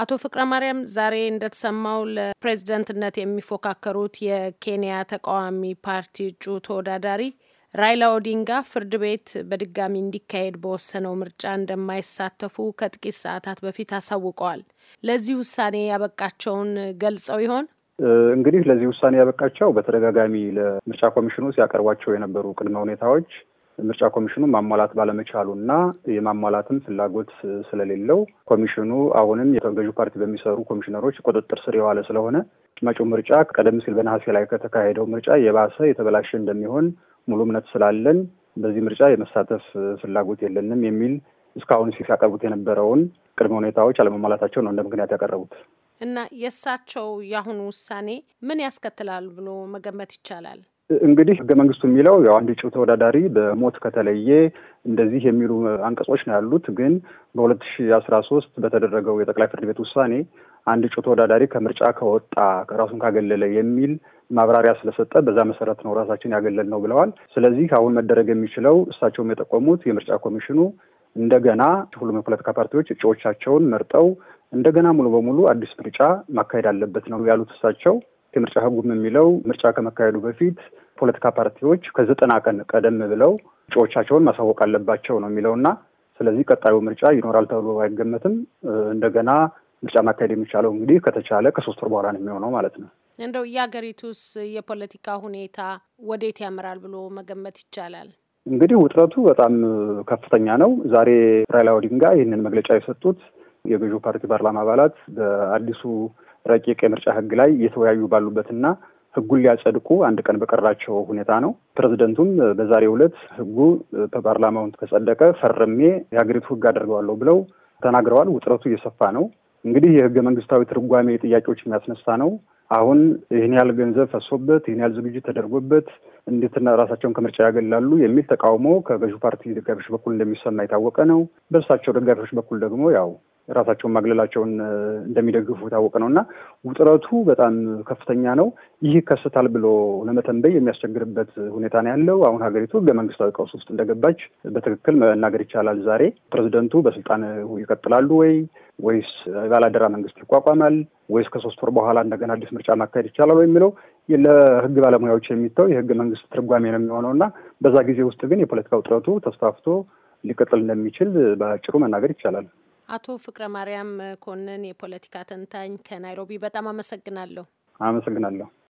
አቶ ፍቅረ ማርያም ዛሬ እንደተሰማው ለፕሬዝደንትነት የሚፎካከሩት የኬንያ ተቃዋሚ ፓርቲ እጩ ተወዳዳሪ ራይላ ኦዲንጋ ፍርድ ቤት በድጋሚ እንዲካሄድ በወሰነው ምርጫ እንደማይሳተፉ ከጥቂት ሰዓታት በፊት አሳውቀዋል። ለዚህ ውሳኔ ያበቃቸውን ገልጸው ይሆን? እንግዲህ ለዚህ ውሳኔ ያበቃቸው በተደጋጋሚ ለምርጫ ኮሚሽኑ ሲያቀርቧቸው የነበሩ ቅድመ ሁኔታዎች ምርጫ ኮሚሽኑ ማሟላት ባለመቻሉ እና የማሟላትም ፍላጎት ስለሌለው ኮሚሽኑ አሁንም የተገዢው ፓርቲ በሚሰሩ ኮሚሽነሮች ቁጥጥር ስር የዋለ ስለሆነ መጪው ምርጫ ቀደም ሲል በነሐሴ ላይ ከተካሄደው ምርጫ የባሰ የተበላሸ እንደሚሆን ሙሉ እምነት ስላለን በዚህ ምርጫ የመሳተፍ ፍላጎት የለንም የሚል እስካሁን ሲያቀርቡት የነበረውን ቅድመ ሁኔታዎች አለመሟላታቸው ነው እንደ ምክንያት ያቀረቡት። እና የእሳቸው የአሁኑ ውሳኔ ምን ያስከትላል ብሎ መገመት ይቻላል? እንግዲህ ህገ መንግስቱ የሚለው ያው አንድ እጩ ተወዳዳሪ በሞት ከተለየ እንደዚህ የሚሉ አንቀጾች ነው ያሉት። ግን በሁለት ሺ አስራ ሶስት በተደረገው የጠቅላይ ፍርድ ቤት ውሳኔ አንድ እጩ ተወዳዳሪ ከምርጫ ከወጣ ራሱን ካገለለ የሚል ማብራሪያ ስለሰጠ በዛ መሰረት ነው ራሳችን ያገለል ነው ብለዋል። ስለዚህ አሁን መደረግ የሚችለው እሳቸውም የጠቆሙት የምርጫ ኮሚሽኑ እንደገና ሁሉም የፖለቲካ ፓርቲዎች እጩዎቻቸውን መርጠው እንደገና ሙሉ በሙሉ አዲስ ምርጫ ማካሄድ አለበት ነው ያሉት እሳቸው። የምርጫ ህጉም የሚለው ምርጫ ከመካሄዱ በፊት ፖለቲካ ፓርቲዎች ከዘጠና ቀን ቀደም ብለው እጩዎቻቸውን ማሳወቅ አለባቸው ነው የሚለው እና ስለዚህ ቀጣዩ ምርጫ ይኖራል ተብሎ አይገመትም። እንደገና ምርጫ ማካሄድ የሚቻለው እንግዲህ ከተቻለ ከሶስት ወር በኋላ ነው የሚሆነው ማለት ነው። እንደው የሀገሪቱስ የፖለቲካ ሁኔታ ወዴት ያምራል ብሎ መገመት ይቻላል? እንግዲህ ውጥረቱ በጣም ከፍተኛ ነው። ዛሬ ራይላ ኦዲንጋ ይህንን መግለጫ የሰጡት የገዢው ፓርቲ ፓርላማ አባላት በአዲሱ ረቂቅ የምርጫ ሕግ ላይ እየተወያዩ ባሉበትና ህጉን ሊያጸድቁ አንድ ቀን በቀራቸው ሁኔታ ነው። ፕሬዚደንቱም በዛሬው ዕለት ህጉ በፓርላማውን ከጸደቀ ፈርሜ የሀገሪቱ ህግ አደርገዋለሁ ብለው ተናግረዋል። ውጥረቱ እየሰፋ ነው። እንግዲህ የህገ መንግስታዊ ትርጓሜ ጥያቄዎች የሚያስነሳ ነው። አሁን ይህን ያህል ገንዘብ ፈሶበት ይህን ያህል ዝግጅት ተደርጎበት እንዴትና ራሳቸውን ከምርጫ ያገላሉ የሚል ተቃውሞ ከገዢው ፓርቲ ደጋፊዎች በኩል እንደሚሰማ የታወቀ ነው። በእርሳቸው ደጋፊዎች በኩል ደግሞ ያው ራሳቸውን ማግለላቸውን እንደሚደግፉ የታወቀ ነው እና ውጥረቱ በጣም ከፍተኛ ነው። ይህ ከስታል ብሎ ለመተንበይ የሚያስቸግርበት ሁኔታ ነው ያለው። አሁን ሀገሪቱ ህገ መንግስታዊ ቀውስ ውስጥ እንደገባች በትክክል መናገር ይቻላል። ዛሬ ፕሬዚደንቱ በስልጣን ይቀጥላሉ ወይ ወይስ ባላደራ መንግስት ይቋቋማል ወይስ ከሶስት ወር በኋላ እንደገና አዲስ ምርጫ ማካሄድ ይቻላል ወይ የሚለው ለህግ ባለሙያዎች የሚተው የህገ መንግስት ትርጓሜ ነው የሚሆነው እና በዛ ጊዜ ውስጥ ግን የፖለቲካ ውጥረቱ ተስፋፍቶ ሊቀጥል እንደሚችል በአጭሩ መናገር ይቻላል። አቶ ፍቅረ ማርያም መኮንን የፖለቲካ ተንታኝ ከናይሮቢ፣ በጣም አመሰግናለሁ። አመሰግናለሁ።